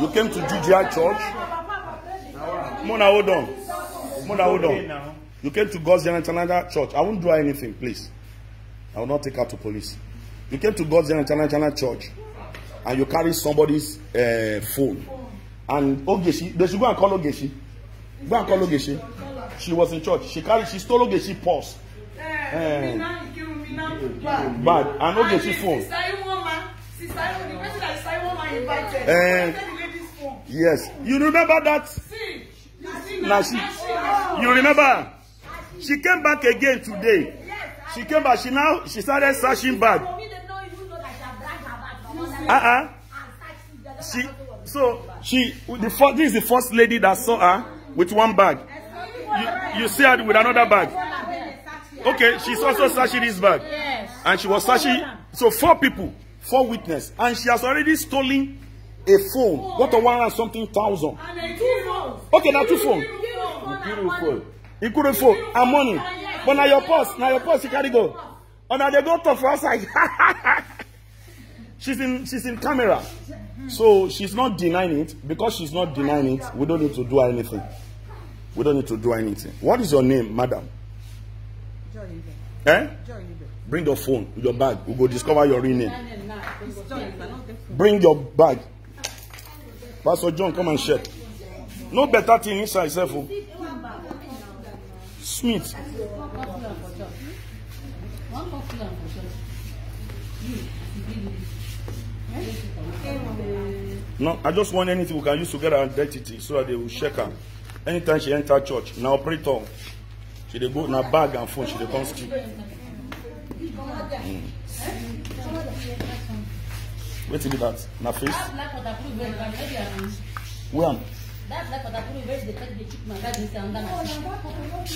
You came to GGI church? Mona, hold on. Mona, hold on. You came to God's International Church. I won't do anything, please. I will not take her to police. You came to God's International Church and you carry somebody's uh, phone. And Ogeshi, they should go and call Ogeshi. Go and call Ogeshi. She was in church. She carried, she stole Ogeshi purse. Hey. Eh, eh. Bad. And Ogeshi phone. Sister Iwoma, sister Iwoma, the person that sister Iwoma invited. Yes. You remember that? Now you remember? She came back again today. She came back. She now she started searching back. Uh-uh. She so she the first this is the first lady that saw her with one bag. You, you see her with another bag. Okay, she's also searching this bag. And she was searching so four people, four witnesses, and she has already stolen a phone, not a one and something thousand. two phones. Okay, now two phone. Beautiful. Including phone and money. But now your purse, now your purse, you carry go. And oh, now they go to for outside. she's in she's in camera. So she's not denying it. Because she's not denying it, we don't need to do anything. We don't need to do anything. What is your name, madam? Joy Eh? Bring your phone, your bag. We will discover your real name. Bring your bag. Pastor John, come and share. No better thing inside yourself. Oh. Smith. No, I just want anything we can use to get and identity so that they will check her. Anytime she enter church, now pray operator, she dey go na bag and phone, she dey come steal. Mm wetin be that na face. that black waterproof vest na very arrange. where. that black waterproof vest dey take dey chook my garden say under my seat.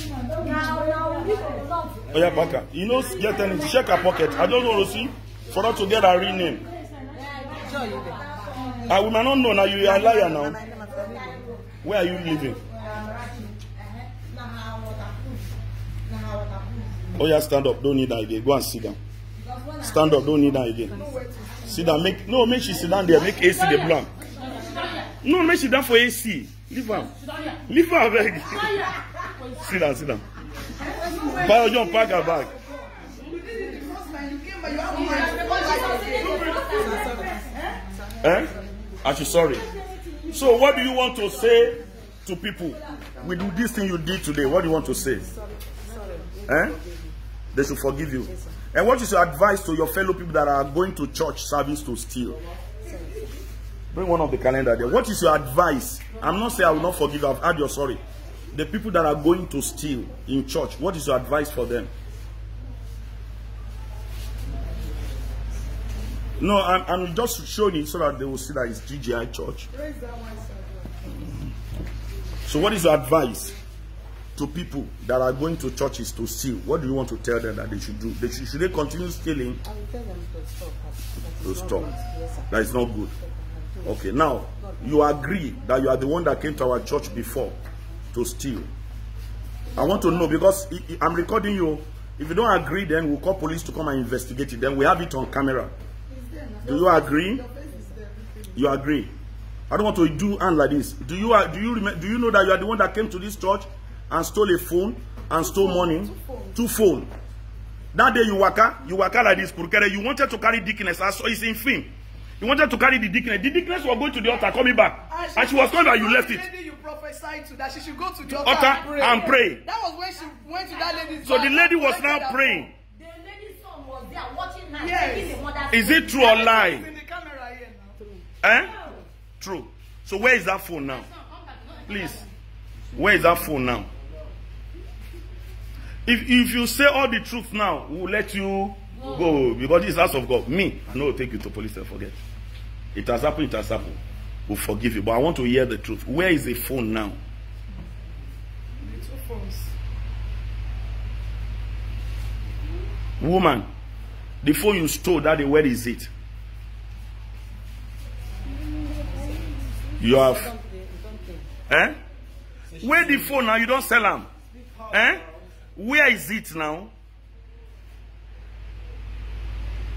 oya paka you know, get anything check her pocket i don't wan to see for her to get her real name. I we might not know Now you are liar now. where are you living. Oh yeah, stand up Don't need that again go and sit down stand up don't need that again Sit down. Make no. Make she sit down there. Make AC the blow. No. Make she down for AC. Leave her. Leave her beg. sit down. Sit down. Buy your pack her bag. Eh? Are you sorry? So what do you want to say to people We do this thing you did today? What do you want to say? Sorry. Sorry. Eh? They should forgive you. Yes, And what is your advice to your fellow people that are going to church service to steal? Bring one of the calendar there. What is your advice? I'm not saying I will not forgive. I've had your sorry. The people that are going to steal in church, what is your advice for them? No, I'm, I'm just showing it so that they will see that it's GGI church. So what is your advice? to people that are going to churches to steal, what do you want to tell them that they should do? They should, should they continue stealing? I will tell them to stop. That to stop. Yes, that is not good. Okay, now you agree that you are the one that came to our church before to steal. I want to know because I'm recording you. If you don't agree, then we'll call police to come and investigate it. Then we have it on camera. Do you agree? You agree. I don't want to do and like this. Do you do you remember? do you know that you are the one that came to this church and stole a phone and stole phone, money. Two phone. Two phone. That day you waka, you waka like this, Purkere. You wanted to carry dickness. I saw it's in film. You wanted to carry the dickness. The dickness was going to the altar, coming back. And ah, she, and she was coming back, you left it. lady you prophesied to that she should go to the altar, altar and, pray. and pray. That was when she went to that lady's So the lady was now praying. The lady's son was there watching her. Yes. Is it true or lie? in the camera here now. Eh? True. So where is that phone now? Please. Where is that phone now? If, if you say all the truth now, we'll let you go. go. Because this is house of God. Me, I know will take you to police and forget. It has happened, it has happened. We'll forgive you. But I want to hear the truth. Where is the phone now? Little phones. Woman, the phone you stole Daddy, where is it? You have. Eh? Where the phone now? You don't sell them. Eh? Where is it now?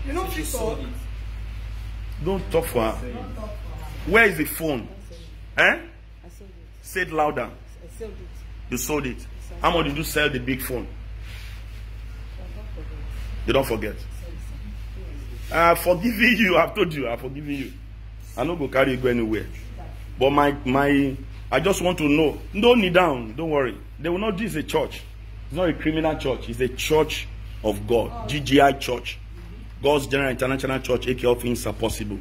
You know, she saw it. Don't talk for her. Don't talk for her. Where is the phone? Eh? I sold it. Say it louder. I sold it. You sold it. Sold How much did you sell the big phone? Don't you don't forget. I'm forgiving you. I've told you. I'm forgiving you. I have told you i am forgiving you i am not going to carry you go anywhere. But my my I just want to know. No knee down. Don't worry. They will not do the church. It's not a criminal church. It's a church of God. Oh. GGI Church. God's General International Church. AK all things are possible.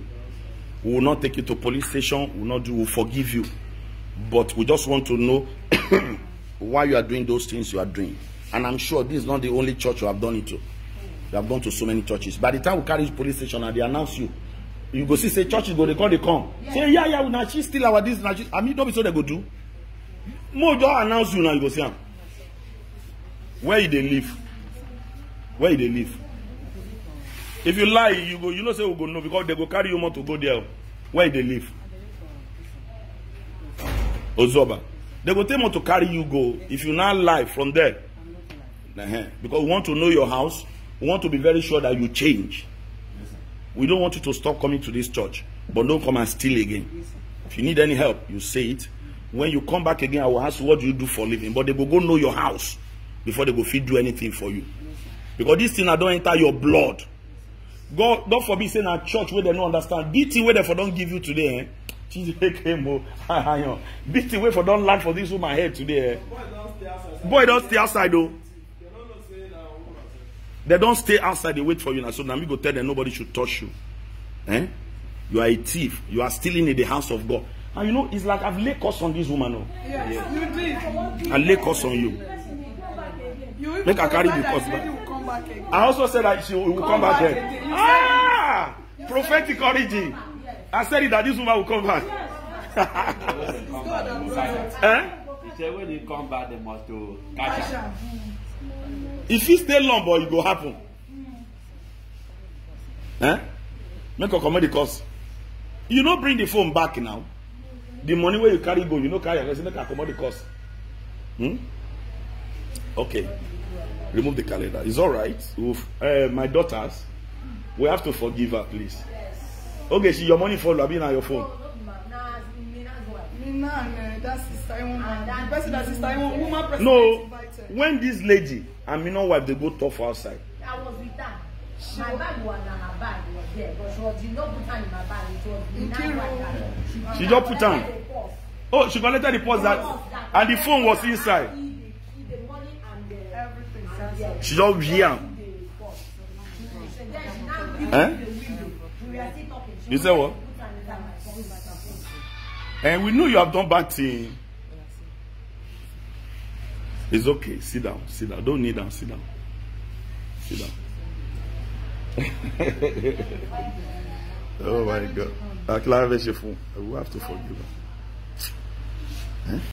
We will not take you to police station. We will not do. We will forgive you. But we just want to know why you are doing those things you are doing. And I'm sure this is not the only church you have done it to. You have gone to so many churches. By the time we carry police station and they announce you, you go see say churches go dey call they come yeah. say yeah yeah una she still our this na she i mean no be so they go do More just announce you now you go see am where you dey live where you dey live if you lie you go you know say we go know because they go carry you more to go there where you dey live ozoba they go take more to carry you go if you now lie from there uh -huh. because we want to know your house we want to be very sure that you change we don't want you to stop coming to this church but don't come and steal again if you need any help you say it when you come back again i will ask you what do you do for living but they go go know your house before they go feed you anything for you because this thing I don't enter your blood god god forbid saying na church where they no understand This thing wey dem for don give you today eh this thing wey for don't land for this woman head today eh boy don't stay outside o They don't stay outside They wait for you na so now we go tell them nobody should touch you eh you are a thief you are stealing in the house of god and you know it's like i've laid curse on this woman oh. yes, yeah. i lay curse on you. Make her carry the cost back. I also said that she will come, come back, back then. Ah! Prophetic origin. I said it that this woman will come back. Yes. come back eh? He said when you come back, they must to catch her. If you stay long, boy, it will happen. Hmm. Eh? Make a come the cost. You don't bring the phone back now. The money where you carry go, you don't carry. I make a come the cost. Hmm? Okay. Remove the calendar. It's all right. Uh, my daughters, we have to forgive her, please. Yes. Okay, she your money for Labi now your phone. No, when this lady and Mina wife they go tough outside. I was with her. She my bag was on her bag was there, but she was did her She just put on. Oh, she collected the purse that, and the phone was inside. Tu not bien, Hein? You what? And we know you have done bad thing. It's okay. Sit down. Sit down. Don't kneel down. Sit down. Sit down. oh my God. We I have to forgive her. Hein?